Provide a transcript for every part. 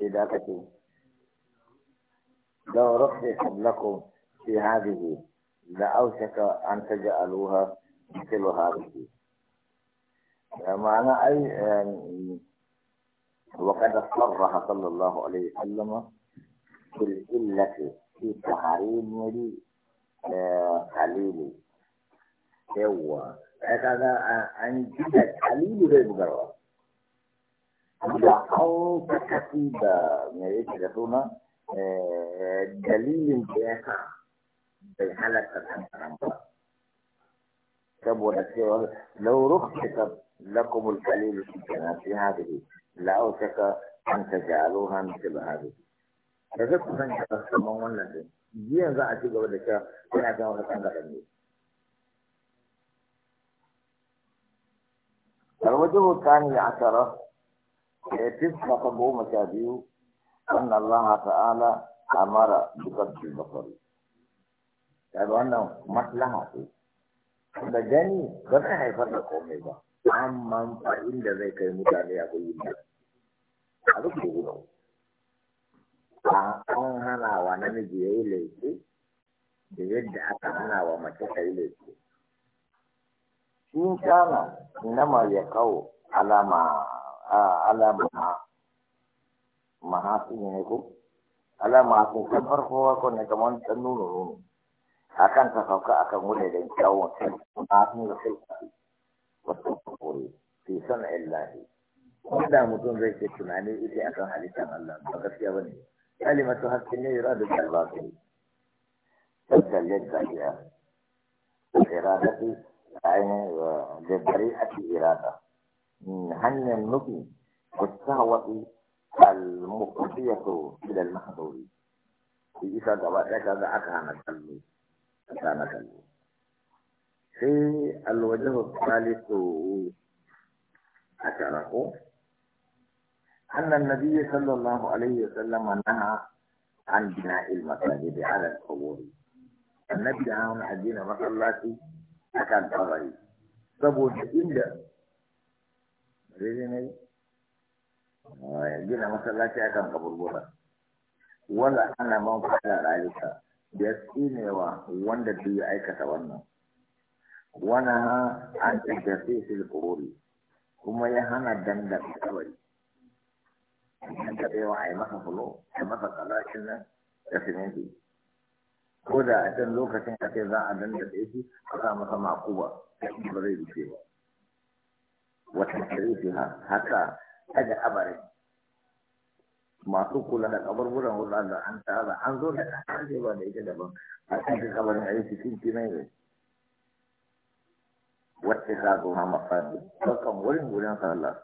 بدعته لو رحت قبلكم في هذه لأوشك أن تجعلوها مثل هذه معنى أي وقد صرح صلى الله عليه وسلم في الإلة في تحريم القليل آه، هو هذا أن آه، جد غير مجرد بيضعفوا كتيبة من الاسلاتونة آه، دليل في حالة الحمد لو رخصت لكم القليل في الجنات في هذه لأوشك أن تجعلوها مثل هذه فقط ان تسمعون لك جيان ذا أتيك ودك أنا أتعوها تنظر لك الوجه الثاني عشره fiska goma sha biyu Allah Ta'ala Amara أمر بقبض البصر kaga wannan maslaha ce da gani ba zai haifar da komai ba amma fa'in da zai kai mutane a kuyi ba a duk da gudu a an hana wa namiji ya yi laifi da yadda aka hana wa mace ta yi laifi shi kana nama ya kawo alama ala maha maha ne ko ala maha kan farko ko ne kamar dan nuno nuno akan ka sauka akan wurin da kyawun na sun da sai wasu kore fi sana illahi wanda mutum zai ke tunani ita akan halittar Allah ba gaskiya bane kalimatu hakkin ne yura da albaqi tattal yadda ya iradati ainihin da bari ake irada عن النبي والشهوة المقصية إلى المحظور في إذا قبل كذا أكان كله أكان كله في الوجه الثالث أكره أن النبي صلى الله عليه وسلم نهى عن بناء المساجد على القبور النبي عن الدين مصلاتي أكان قضي saboda inda daidai na ah, gina masallaci akan kaburbura wanda ana man fada rayuka da tsinewa wanda duk aikata wannan wana ha an tafi fil qururi kuma ya hana danda kawai an tabe wa ai maka fulo ai maka kalacin nan da siminti ko da a can lokacin ka za a danda da shi masa makuwa, ya zai rufe ba وتحريفها haka, أجا أبرد masu kula da kaburburan hulɗa da an tsara an zo da an je ba da ita daban a cikin kabarin a yi cikin kinai ne wacce ta zo ma mafani dukkan wurin wurin sallah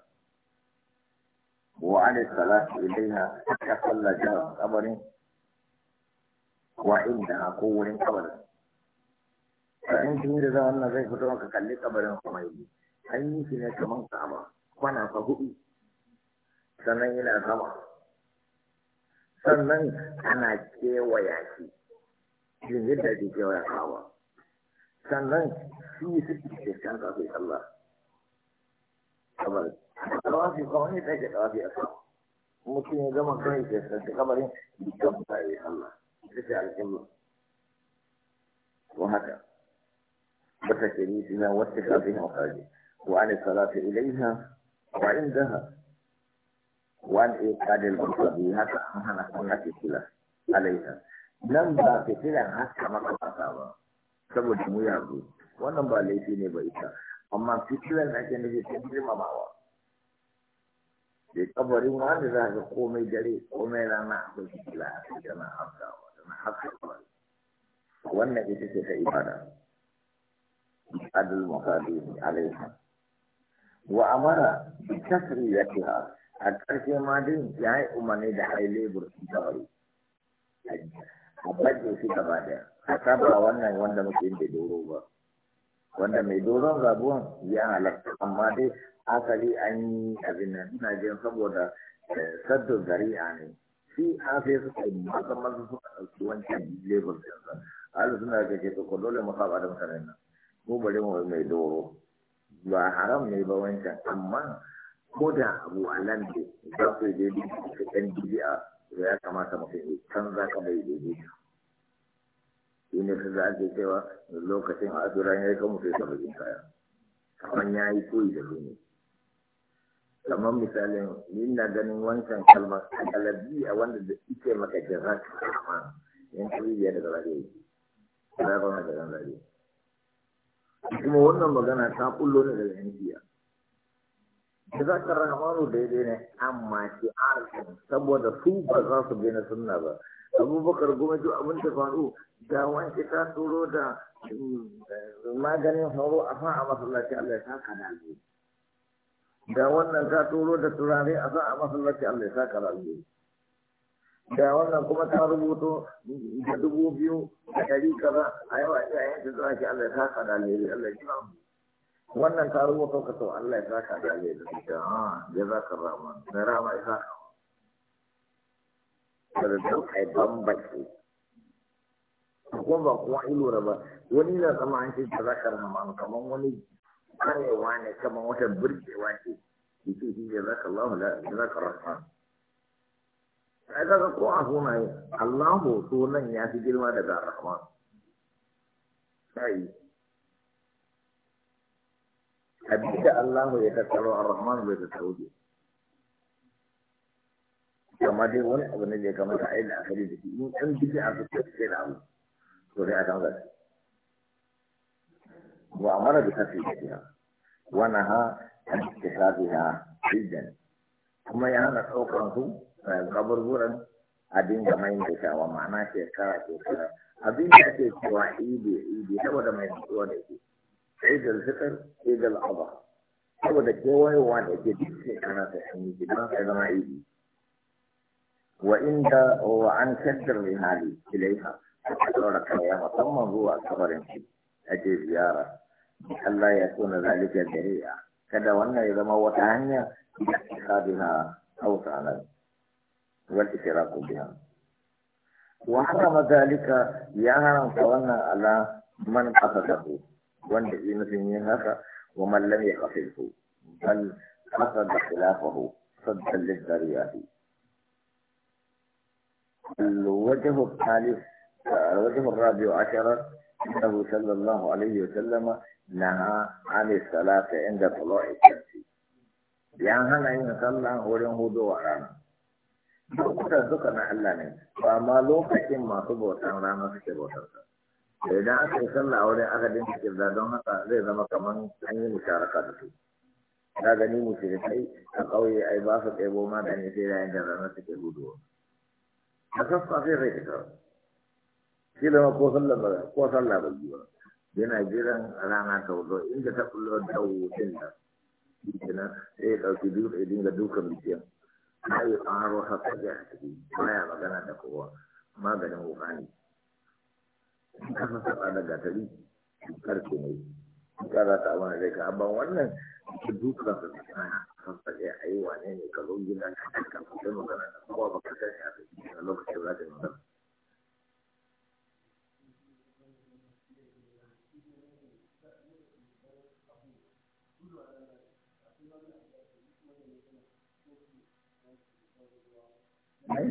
wa ala salatu ilaiha ta sallah da kabarin wa inda ko wurin kabarin in kin da wannan zai fito maka kalli kabarin kuma yi an yi shi ne kamar sama kwana fa hudu sannan yana sama sannan ana kewaya shi jirgin da ke kewaya kawa sannan shi suke da can kafin Allah kamar tawafi kawai ne take tawafi a sama mutum ya gama kai ke sarki kamarin dukkan ta yi Allah ita ce alƙibla ko haka ba ta ke ni suna wata kafin a وعن الصلاة إليها وعندها وعن إيقاد المصابي هكا أنا كنا كتلا عليها nan ba fitilan haska maka kasa ba saboda mu wannan ba laifi ne ba ita amma fitilan ake nufi ta girmamawa da kabarin wanda za ka komai dare komai rana akwai fitila a kai tana haskawa wa amara bi tasriyatiha a ƙarshe ma din ya yi umarni da ai lebur da wari a baje shi gaba daya a saba wannan wanda muke da doro ba wanda mai doron rabuwan ya halatta amma dai asali an yi abin nan ina jin eh, saboda saddo a ne shi an sai suka yi maza maza suka ɗauki wancan lebur ɗinsa alu suna da ke dole mu saba da mutane nan mu bari mu mai doro ba haram ne ba wancan amma ko da abu a nan da za su je da su ɗan bidi'a da ya kamata ne can canza ka bai daidai ta shi ne su za ke cewa lokacin a asura ya yi kamar sai ya kaya kamar ya yi koyi da su ne kamar misalin yin na ganin wancan kalmar kalabi a wanda da ike maka jaza ta kama yan biyar da zarafi ya yi zarafi na da zarafi kuma wannan magana ta kullo ne daga indiya da za ka rahamanu daidai ne amma shi arzikin saboda su ba za su daina suna ba abubakar ji abin da faru da wanke ta turo da mm, maganin horo a fa a masallaci allah ya saka da da wannan ta turo da turare a fa a masallaci allah ya saka da da wannan kuma ta rubuto da dubu biyu da ɗari kaza a yawa a ta zuwa shi Allah ya saka da alheri Allah ya kira wannan ta rubuto ka to Allah ya saka da alheri da ah ya zaka rama na rama ya saka da duk ai bambaci ko ba kuma lura ba wani na zama an ce ta zaka rama kamar wani karewa ne kamar wata burgewa ce ce shi ya zaka Allah la zaka rahman sai kaga ko a sunaye Allahu sunan ya fi girma daga Rahman sai abinda Allahu ya tattaro Ar-Rahman bai tattaro ji kama dai wani abu ne da ya kamata a yi da akari da shi in an bisi a su tafiye da abu to dai a kan gasi wa amara bi tafiye da biya wa naha an tafiye da biya kuma ya hana ɗaukar su eh, kaburburan a dinga mai mai shawa ma'ana shekara shekara abin da ake cewa ibe ibe saboda mai mutuwa da ke idil fitar idil aba saboda kewayewa da ke duk shekara ta shanyi gidan sai zama ibe wa inda wa an kaddar rihali ilaiha a ɗaura kaya musamman zuwa kabarin shi ake ziyara Allah ya so na zalika dari'a kada wannan ya zama wata hanya da ta biha autanan wal itiraqu biha wa harama zalika ya haramta wannan ala man qasadahu wanda yi nufin yin haka wa man lam yaqsidhu bal qasad khilafahu saddan lidariyati الوجه الثالث الوجه الرابع عشر أنه na الله عليه وسلم نهى عن الصلاة عند طلوع الشمس يعني هنا إن hudu a rana. Duk lokutan suka na Allah ne ba ma lokacin masu bautan rana suke bautar sa idan aka yi sallah a wurin aka dinka kirda don haka zai zama kamar an yi musharaka da su ka gani a ƙauye ai ba su ɗebo magani sai da yanda rana suke gudu a sassafe zai fita shi da ko sallar ba ko sallar ba ji yana jiran rana ta wuzo inda ta kullo da wucin da kenan sai ya dauki duk ya dinga dukan bidiyan ai an roha ta ga ciki baya magana da kowa maganin wuka ne ka san saba da gatari karfe ne ka za ta wani zai ka abban wannan ki dukan da kana san sake ayi wane ne ka zo gina ka ka kuma magana da kowa ba ka sani a lokacin Ừ, eh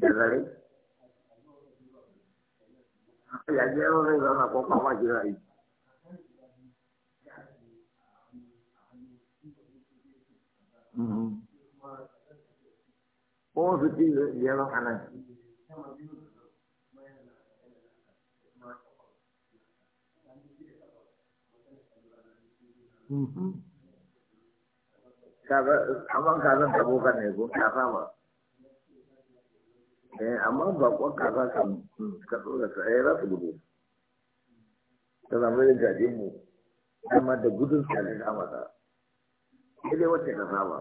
da dare ya je wurin zauna ko kuma Ừ, yi ko su ci yaron anan Abang kazan ta bokan ne ko ta saba. Eh amma bakon kaza kan mm, ka dora ta eh za su gudu. Ta zama da gaje mu amma da gudun ta ne za mata. Ile wacce ka saba.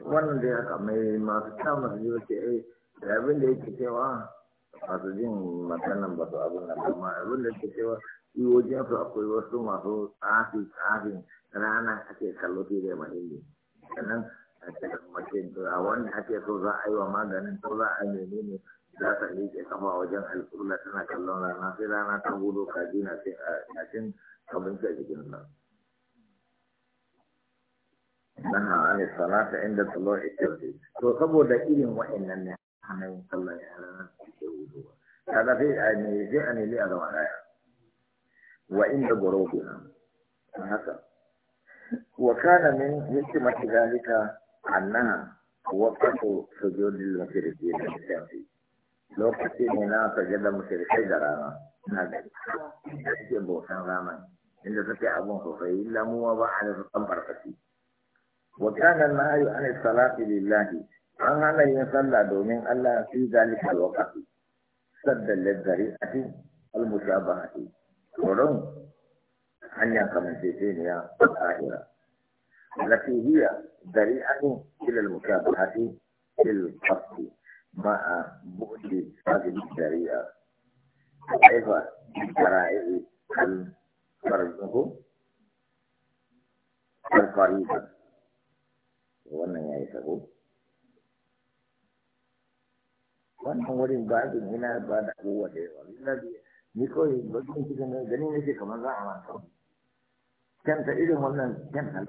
Wannan dai haka mai masu kama su yi wacce eh da abin da yake cewa masu jin maganan ba su abin da kuma abin da ke cewa wajen su akwai wasu masu tsafi tsafin rana ake kallo fi da mahimmi sannan a cikin mace a wanda ake so za a yi wa maganin ko za a nemi ne za ta ke kafa wajen alƙulla tana kallon rana sai rana ta gudu kaji na cikin abinci a jikin sa. Naha an salata inda tsalo ita to saboda irin wa'annan ne hana yin sallar yaran يقولوا هذا في يعني جاءني لي هذا وانا وان بغروبها هذا وكان من حكمة ذلك أنها وقت سجود المشركين في لو كنت هنا سجد المشركين درانا هذا يجب أن رامان إن فتح أبو خفي إلا مو وضع على وكان النهي عن الصلاة لله an hana yin sallah domin Allah fi zalika alwaqti sadda lidhari ati almusabahati to hanya kamar sai ne ya ahira lati hiya dari'atu ila almusabahati fil qasd ma bu'di hadhihi dari'a aiba dari'i kan farzuhu al-qariba wannan yayi sabo wannan wurin babin yana ba da abubuwa da yawa ni kawai bakin cikin gani nake kamar za a manta kanta irin wannan kanta